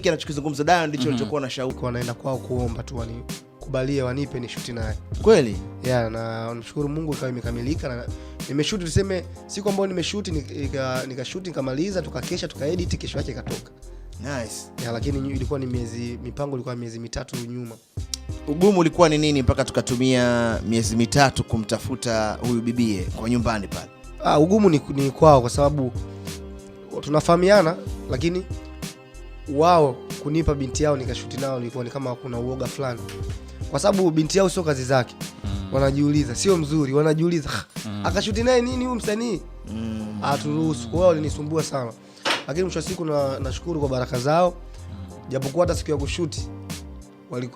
hiki anachokizungumza dayo ndicho mhm. alichokuwa na shauku, wanaenda kwao kuomba tu wani kubalie wanipe ni shuti naye kweli ya na nashukuru Mungu ikawa imekamilika na nimeshuti, tuseme siku ambayo nimeshuti nikashuti nikamaliza, tukakesha tukaedit, kesho yake ikatoka nice. ya, lakini ilikuwa ni miezi mipango ilikuwa miezi mitatu nyuma. Ugumu ulikuwa ni nini mpaka tukatumia miezi mitatu kumtafuta huyu bibie kwa nyumbani pale? Ah, ugumu ni, ni kwao kwa sababu tunafahamiana lakini wao kunipa binti yao nikashuti nao, ilikuwa ni kama kuna uoga fulani, kwa sababu binti yao sio kazi zake mm. Wanajiuliza sio mzuri, wanajiuliza mm. akashuti naye nini huyu msanii mm. aturuhusu. Kwa hiyo walinisumbua sana, lakini mwisho wa siku na nashukuru kwa baraka zao, mm. japokuwa hata siku ya kushuti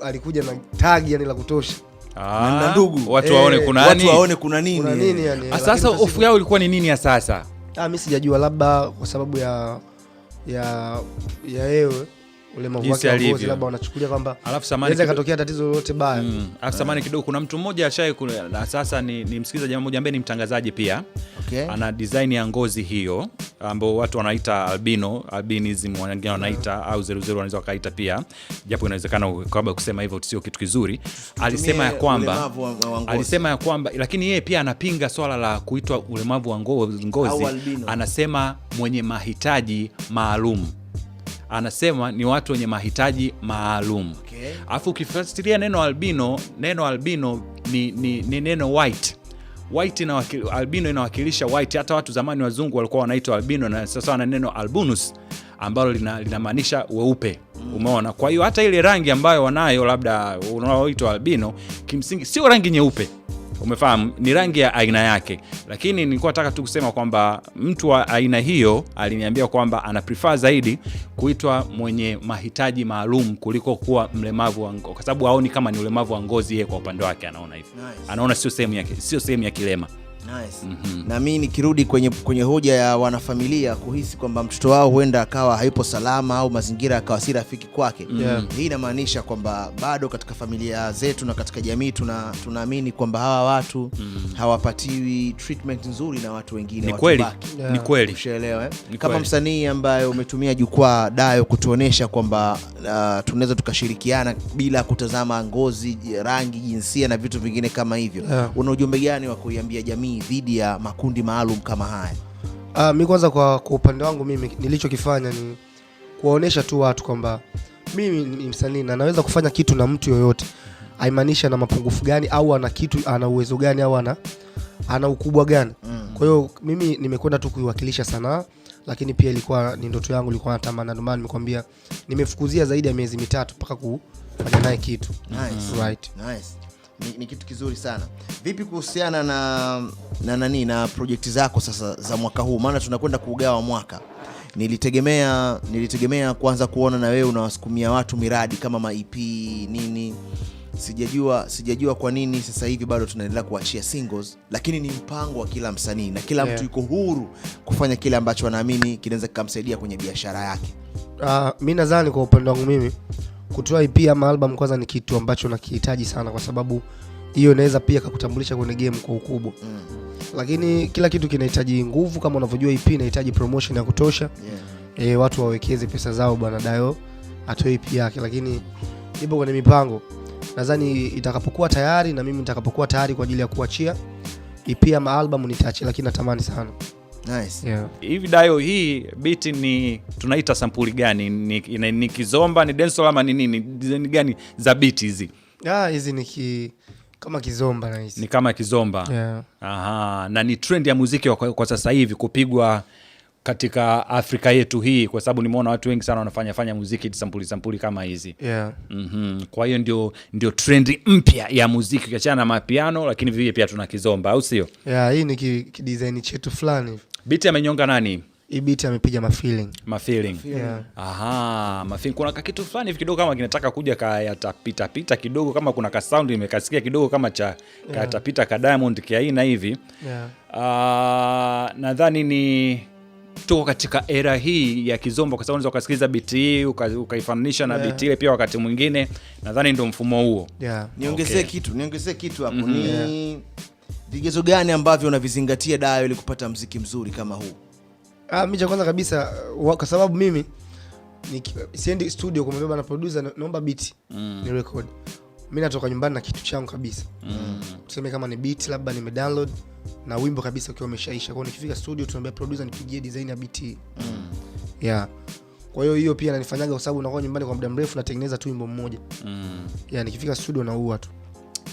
alikuja na tagi yani la kutosha ah, na ndugu watu waone eh, kuna nini, watu waone kuna nini. Ah, sasa hofu yao ilikuwa ni nini ya sasa? Ah, mimi sijajua, labda kwa sababu ya ya ya wewe ulemavu tatizo lolote baya. Mm, alafu samani kidogo, kuna mtu mmoja ashai sasa, ni, ni ambaye ni mtangazaji pia okay. Ana ya ngozi hiyo ambao watu wanaita albino albinism, wengine wanaita au zeruzeru wanaweza wakaita pia, japo inawezekana kwamba kusema hivyo sio kitu kizuri. Alisema ya kwamba alisema ya kwamba, lakini yeye pia anapinga swala la kuitwa ulemavu wa ngozi, anasema mwenye mahitaji maalum anasema ni watu wenye mahitaji maalum. Alafu okay. Ukifasiria neno albino, neno albino ni, ni, ni neno white white inawakil, albino inawakilisha white. Hata watu zamani wazungu walikuwa wanaitwa albino, na sasa wana neno albunus ambalo linamaanisha lina weupe. Mm. Umeona? Kwa hiyo hata ile rangi ambayo wanayo labda unaoitwa albino kimsingi sio rangi nyeupe Umefahamu, ni rangi ya aina yake, lakini nilikuwa nataka tu kusema kwamba mtu wa aina hiyo aliniambia kwamba ana prefer zaidi kuitwa mwenye mahitaji maalum kuliko kuwa mlemavu wa kwa sababu haoni kama ni ulemavu wa ngozi yeye. Kwa upande wake anaona hivyo, anaona sio sehemu yake, sio sehemu ya kilema. Nice. Mm -hmm. Na mimi nikirudi kwenye, kwenye hoja ya wanafamilia kuhisi kwamba mtoto wao huenda akawa hayupo salama au mazingira akawa si rafiki kwake. mm -hmm. Hii inamaanisha kwamba bado katika familia zetu na katika jamii tuna tunaamini kwamba hawa watu mm -hmm. hawapatiwi treatment nzuri na watu wengine. Ni kweli. Ni kweli. Ushaelewa eh? Kama msanii ambaye umetumia jukwaa Dayo kutuonesha kwamba uh, tunaweza tukashirikiana bila kutazama ngozi, rangi, jinsia na vitu vingine kama hivyo. Yeah. Una ujumbe gani wa kuiambia jamii jamii dhidi ya makundi maalum kama haya? Uh, mi kwanza kwa, upande wangu mimi nilichokifanya ni kuwaonyesha tu watu kwamba mimi ni msanii na naweza kufanya kitu na mtu yoyote, haimaanisha na mapungufu gani au ana kitu ana uwezo gani au ana, ana ukubwa gani mm. Kwa hiyo mimi nimekwenda tu kuiwakilisha sanaa, lakini pia ilikuwa ni ndoto yangu, ilikuwa natamani. Ndio nimekwambia nimefukuzia zaidi ya miezi mitatu mpaka kufanya naye kitu. Nice. Right. Nice ni, ni kitu kizuri sana. Vipi kuhusiana na na nani na project zako sasa za mwaka huu, maana tunakwenda kuugawa mwaka nilitegemea nilitegemea kwanza kuona na wewe unawasukumia watu miradi kama maip e nini, sijajua sijajua kwa nini sasa hivi bado tunaendelea kuachia singles, lakini ni mpango wa kila msanii na kila yeah, mtu yuko huru kufanya kile ambacho anaamini kinaweza kikamsaidia kwenye biashara yake. Uh, mi nadhani kwa upande wangu mimi kutoa EP ama album kwanza ni kitu ambacho nakihitaji sana, kwa sababu hiyo inaweza pia kakutambulisha kwenye game kwa ukubwa mm. Lakini kila kitu kinahitaji nguvu, kama unavyojua, EP inahitaji promotion ya kutosha yeah. E, watu wawekeze pesa zao, bwana Dayo atoe EP yake, lakini ipo kwenye mipango, nadhani itakapokuwa tayari na mimi nitakapokuwa tayari kwa ajili ya kuachia EP ama album nitaachia, lakini natamani sana Nice. Yeah. Hivi Dayo, hii biti ni tunaita sampuli gani? Ni, ni, ni kizomba ni denso ama ni nini? ni gani za biti hizi? Ah, hizi ni ki kama kizomba na Ni kama kizomba. Yeah. Aha, na ni trend ya muziki kwa, kwa sasa hivi kupigwa katika Afrika yetu hii, kwa sababu nimeona watu wengi sana wanafanya fanya muziki sampuli sampuli kama hizi yeah. mm -hmm. Kwa hiyo ndio, ndio trendi mpya ya muziki ukiachana na mapiano, lakini vivie pia tuna kizomba, au sio? Yeah, hii ni kidisaini chetu fulani Biti amenyonga nani? Ibiti amepiga mafeeling. Mafeeling. Yeah. Aha, mafeeling. Kuna kakitu fulani kidogo kama kinataka kuja kayatapita pita kidogo kama kuna ka sound imekasikia kidogo kama cha kayatapita ka Diamond kiaina hivi. Yeah. Uh, nadhani ni tuko katika era hii ya kizombo kwa sababu unaweza ukasikiliza biti hii ukaifananisha na yeah, biti ile pia wakati mwingine nadhani ndio mfumo huo. Yeah. Niongezee okay, kitu, niongezee kitu hapo. Mm -hmm. Ni yeah vigezo gani ambavyo unavizingatia Dayo ili kupata mziki mzuri kama huu? Ah, mimi cha kwanza kabisa uh, kwa sababu mimi siendi studio kumwambia na producer, naomba beat mm. ni record. Mimi natoka nyumbani na kitu changu kabisa mm. tuseme kama ni beat labda nime download na wimbo kabisa ukiwa umeshaisha. kwao nikifika studio tunaambia producer nipigie design ya beat mm. yeah. Kwa hiyo hiyo pia nanifanyaga kwa sababu nakuwa nyumbani kwa muda mrefu natengeneza tu wimbo mmoja mm. yeah, nikifika studio naua tu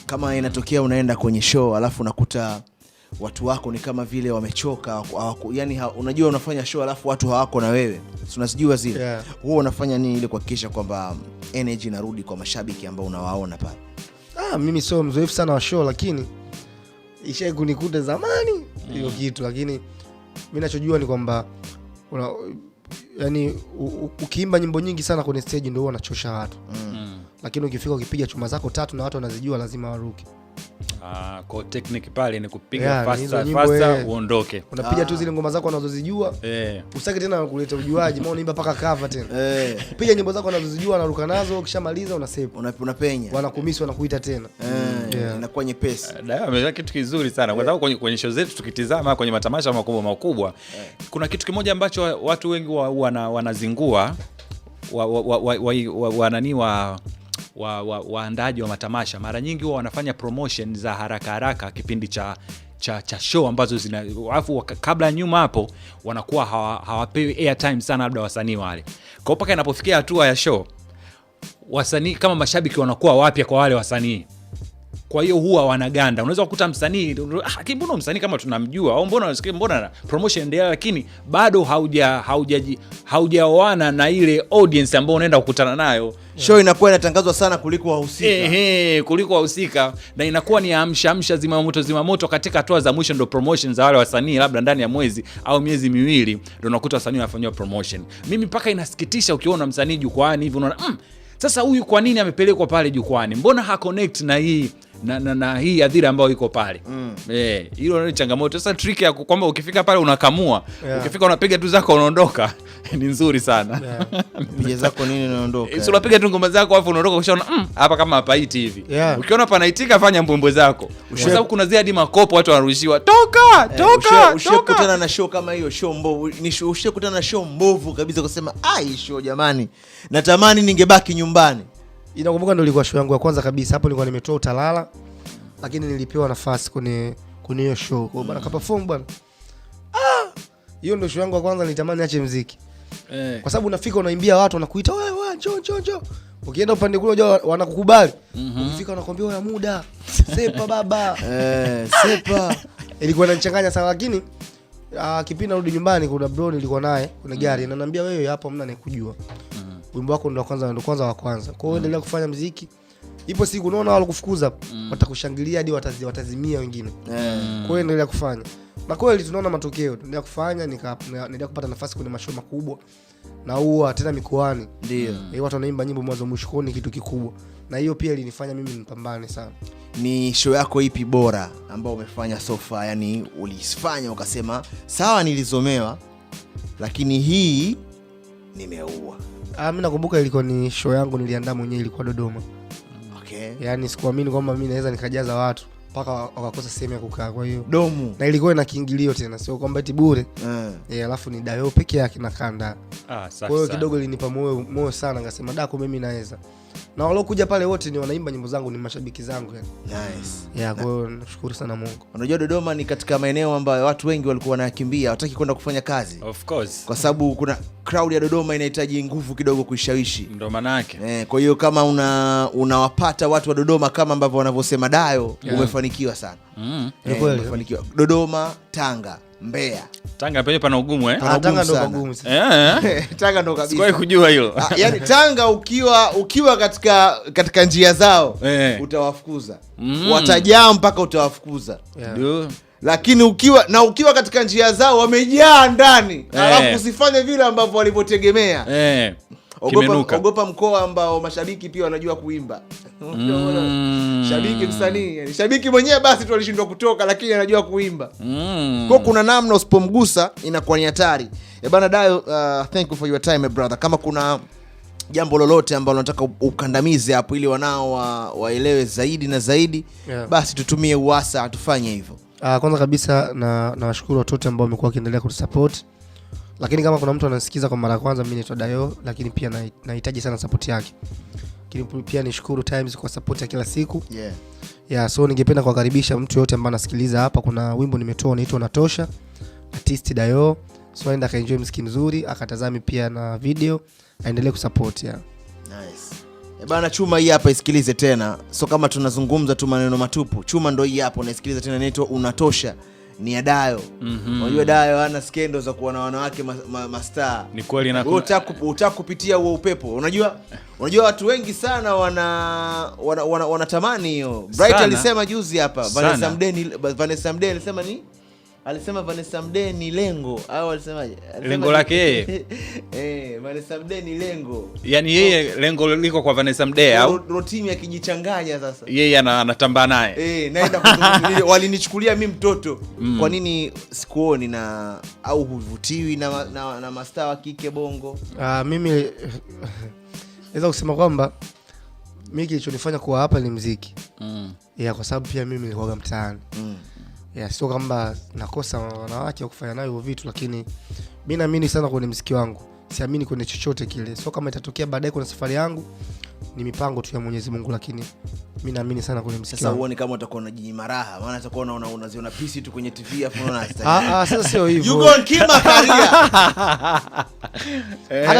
kama inatokea unaenda kwenye show alafu unakuta watu wako ni kama vile wamechoka, yani ha, unajua unafanya show alafu watu hawako na wewe, tunazijua zile yeah. unafanya nini ili kuhakikisha kwamba um, energy inarudi kwa mashabiki ambao unawaona pale? Ah, mimi sio mzoefu sana wa show, lakini ishai kunikuta zamani hiyo mm. kitu, lakini mimi nachojua ni kwamba yani, ukiimba nyimbo nyingi sana kwenye stage ndio unachosha watu mm lakini ukifika ukipiga chuma zako tatu na watu wanazijua, lazima waruke. Ah, pale ni kupiga faster uondoke. Unapiga tu zile ngoma zako unazozijua. Eh. Usitaki tena kuleta ujuaji, maana unaimba paka kava tena. Eh. Piga nyimbo zako unazozijua unaruka nazo, ukishamaliza una save. Unapenya. Wanakumisi wanakuita tena. Eh, inakuwa nyepesi. kitu kizuri sana. Kwa sababu kwenye show zetu tukitizama kwenye matamasha makubwa makubwa, yeah. kuna kitu kimoja ambacho watu wengi wanazingua wa, wa, wa, wa, wa, wa, wa, wa, wa waandaaji wa, wa, wa matamasha mara nyingi huwa wanafanya promotion za haraka haraka kipindi cha cha, cha show ambazo zina alafu kabla nyuma hapo wanakuwa hawa, hawapewi airtime sana labda wasanii wale. Kwa hiyo mpaka inapofikia hatua ya show wasanii kama mashabiki wanakuwa wapya kwa wale wasanii kwa hiyo huwa wanaganda. Unaweza kukuta msanii ah, lakini mbona msanii kama tunamjua au mbona nasikia mbona promotion endelea, lakini bado hauja hauja haujaoana na ile audience ambayo unaenda kukutana nayo. yeah. Show inakuwa inatangazwa sana kuliko wahusika. eh, Ehe, kuliko wahusika na inakuwa ni amsha amsha, zimamoto zimamoto katika hatua za mwisho, ndo promotion za wale wasanii, labda ndani ya mwezi au miezi miwili, ndo unakuta wasanii wanafanywa promotion. Mimi mpaka inasikitisha ukiona msanii jukwani hivi unaona mm, sasa huyu kwa nini amepelekwa pale jukwani? Mbona ha connect na hii na, na, na hii adhira ambayo iko pale mm. e, hilo ni changamoto sasa. Trick ya kwamba ukifika pale unakamua yeah. Ukifika unapiga tu zako unaondoka ni nzuri sana zako nini unaondoka eh, unapiga tu ngoma zako afu unaondoka, ukishaona mm, hapa kama hapaiti hivi yeah. Ukiona panaitika fanya mbwembwe zako, kwa sababu kuna zia hadi makopo watu wanarushiwa toka eh, toka. Ushakutana na show kama hiyo, show mbovu? Ni ushakutana na show mbovu kabisa kusema ai, show jamani, natamani ningebaki nyumbani Inakumbuka ndo ilikuwa show yangu ya kwanza kabisa, hapo nilikuwa nimetoa utalala, lakini nilipewa nafasi kwenye kwenye hiyo show. Kwa bwana kaperform bwana. Ah! Hiyo ndo show yangu ya kwanza nilitamani ache muziki. Eh. Kwa sababu unafika unaimbia watu wanakuita wewe wewe njoo njoo njoo. Ukienda upande kule unajua wanakukubali. Mm -hmm. Ukifika wanakuambia wewe muda. Sepa baba. eh, sepa. Ilikuwa inanichanganya sana lakini Uh, kipindi narudi nyumbani kuna bro nilikuwa naye kuna gari mm. Ananiambia wewe hapo mna nikujua wimbo wako ndo kwanza ndo kwanza wa kwanza. Kwa hiyo mm. endelea kufanya muziki. Ipo siku unaona wale kufukuza mm. watakushangilia hadi watazi, watazimia wengine. Mm. Kwa hiyo endelea kufanya. Na kweli tunaona matokeo. Endelea kufanya nikaendelea kupata nafasi kwenye mashow makubwa na huwa tena mikoani. Ndio. E, watu wanaimba nyimbo mwanzo mshukoni kitu kikubwa. Na hiyo pia ilinifanya mimi nipambane sana. Ni show yako ipi bora ambayo umefanya so far? Yani ulifanya ukasema sawa, nilizomewa lakini hii nimeua. Ah, mimi nakumbuka ilikuwa ni show yangu niliandaa mwenyewe, ilikuwa Dodoma. Okay. Yaani sikuamini kwamba mimi naweza nikajaza watu mpaka wakakosa sehemu ya kukaa, kwa hiyo domu, na ilikuwa ina kiingilio tena, sio kwamba eti bure eh. Yeah, alafu ni Dayo peke yake na kanda. Ah, sasa. Kwa hiyo kidogo ilinipa moyo moyo sana, da kwa mimi naweza na waliokuja pale wote ni wanaimba nyimbo zangu, ni mashabiki zangu yani. Nice. Yeah, kwa hiyo nashukuru sana Mungu. Unajua Dodoma ni katika maeneo ambayo watu wengi walikuwa wanakimbia, wataki kwenda kufanya kazi. Of course. Kwa sababu kuna crowd ya Dodoma inahitaji nguvu kidogo kuishawishi. Ndio Eh, kwa hiyo kama una unawapata watu wa Dodoma kama ambavyo wanavyosema Dayo, yeah. Umefanikiwa sana. Mm. Eh, umefanikiwa. Dodoma, Tanga mbea Tanga penye pana ugumu eh? Pana ah, Tanga ndo pagumu sasa. Eh. eh? Tanga ndo kabisa. Sikuwahi kujua hilo. Yaani Tanga ukiwa ukiwa katika katika njia zao yeah. Eh. utawafukuza. Mm. Watajaa mpaka utawafukuza. Ndio. Yeah. Lakini ukiwa na ukiwa katika njia zao wamejaa ndani. Eh. yeah. usifanye vile ambavyo walivyotegemea. Eh. Ogopa, ogopa mkoa ambao mashabiki pia wanajua kuimba mm. shabiki msanii shabiki mwenyewe basi tu alishindwa kutoka, lakini anajua kuimba mm. ko kuna namna usipomgusa inakuwa ni hatari eh, bana. Dayo, uh, thank you for your time eh, brother. Kama kuna jambo lolote ambalo nataka ukandamize hapo ili wanao waelewe wa zaidi na zaidi yeah. Basi tutumie uwasa tufanye hivyo. Uh, kwanza kabisa nawashukuru na watote ambao wamekuwa wakiendelea kutusupport, lakini kama kuna mtu anasikiza kwa mara ya kwanza, mi naitwa Dayo, lakini pia nahitaji na sana sapoti yake pia nishukuru Times kwa support ya kila siku yeah. Yeah, so ningependa kuwakaribisha mtu yote ambaye anasikiliza hapa. Kuna wimbo nimetoa unaitwa Natosha, artist Dayo, so aenda akaenjoy mziki mzuri, akatazami pia na video, aendelee kusupport yeah. Nice. Eh, bana, chuma hii hapa isikilize tena, so kama tunazungumza tu maneno matupu, chuma ndo hii hapa unaisikiliza tena, inaitwa Unatosha ni ya Dayo. mm-hmm. Unajua Dayo ana skendo za kuwa na wanawake mastaa ma, ma ni kweli na kupitia huo upepo. Unajua, unajua watu wengi sana wana wanatamani wana, wana hiyo. Bright alisema juzi hapa, Vanessa Mdeni alisema ni alisema Vanessa Mdee ni lengo au alisemaje? Lengo lake yeye eh, Vanessa Mdee ni lengo, yaani yeye oh. lengo liko kwa Vanessa Mdee au Rotimi akijichanganya sasa, yeye anatambaa naye eh, naenda walinichukulia mimi mtoto mm. Kwa nini sikuoni na au huvutiwi na, na, na, na mastaa wa kike Bongo? Ah, mimi naweza kusema kwamba mimi kilichonifanya kuwa hapa ni mziki mm. Yeah, kwa sababu pia mimi nilikuwa mtaani mm yeah, sio kwamba nakosa wanawake wa kufanya nayo vitu, lakini mi naamini sana kwenye mziki wangu, siamini kwenye chochote kile. Sio kama itatokea baadaye kwenye safari yangu ni mipango tu ya Mwenyezi Mungu, lakini mi naamini sana kwenye msikio. Sasa kama utakuwa unajinyima raha, maana utakuwa unaziona pisi tu kwenye TV afu unaona ah, ah, sio hivohata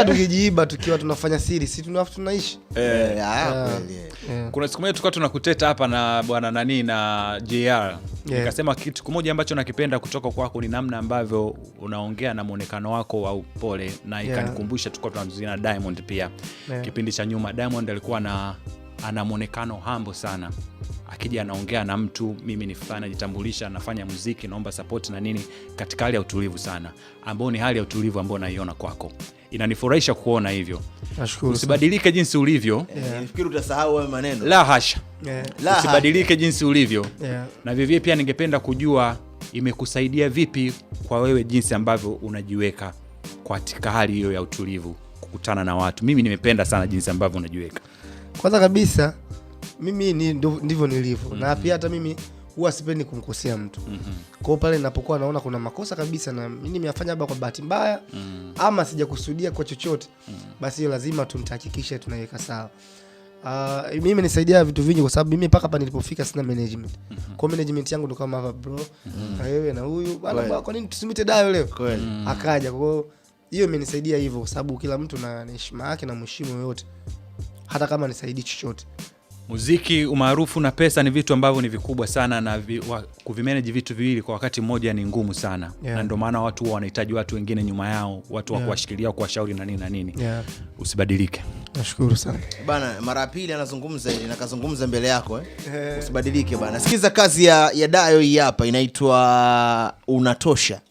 eh. tukijiiba tukiwa tunafanya siri, si tunafu tunaishi eh, eh. ah kweli. Eh. Kuna siku moja tuna kuteta hapa na bwana nani na JR, nikasema yeah. kitu kimoja ambacho nakipenda kutoka kwako ni namna ambavyo unaongea na mwonekano wako wa upole, na ikanikumbusha yeah. tunazuzia na Diamond pia yeah. kipindi cha nyuma Diamond Diamond alikuwa na ana mwonekano hambo sana, akija anaongea na mtu, mimi ni fulani, najitambulisha, anafanya muziki, naomba support na nini, katika hali ya utulivu sana, ambao ni hali ya utulivu ambao naiona kwako inanifurahisha kuona hivyo. Usibadilike jinsi ulivyo. Yeah. La hasha. Yeah. Usibadilike jinsi ulivyo. Yeah. Na vivie pia ningependa kujua imekusaidia vipi kwa wewe jinsi ambavyo unajiweka katika hali hiyo ya utulivu kukutana na watu. Mimi nimependa sana jinsi ambavyo unajiweka. Kwanza kabisa mimi ni ndivyo nilivyo, mm -hmm. na mhm. pia hata mimi huwa sipendi kumkosea mtu mm -hmm. Kwao pale ninapokuwa naona kuna makosa kabisa na mimi nimeyafanya labda kwa bahati mbaya mm -hmm. ama sijakusudia kwa chochote mm -hmm. basi hiyo lazima tumtahakikishe tunaiweka sawa. Uh, mimi imenisaidia vitu vingi kwa sababu mimi mpaka hapa nilipofika sina management. Mm -hmm. Kwa management yangu ndo kama hapa bro, mm -hmm. na wewe na huyu bana, kwa nini tusimite Dayo leo? Mm -hmm. Akaja kwa hiyo imenisaidia hivyo, kwa sababu kila mtu na heshima yake na mheshimu yoyote, hata kama nisaidii chochote. Muziki, umaarufu na pesa ni vitu ambavyo ni vikubwa sana, na vi, kuvimanage vitu viwili kwa wakati mmoja ni ngumu sana yeah. Na ndio maana watu huwa wanahitaji watu wengine nyuma yao, watu wa kuwashikilia kuwashauri na nini na nini yeah. Usibadilike. Nashukuru sana bana, mara ya pili anazungumza na kazungumza mbele yako eh? eh. Usibadilike bana, sikiza kazi ya, ya Dayo hii hapa inaitwa Unatosha.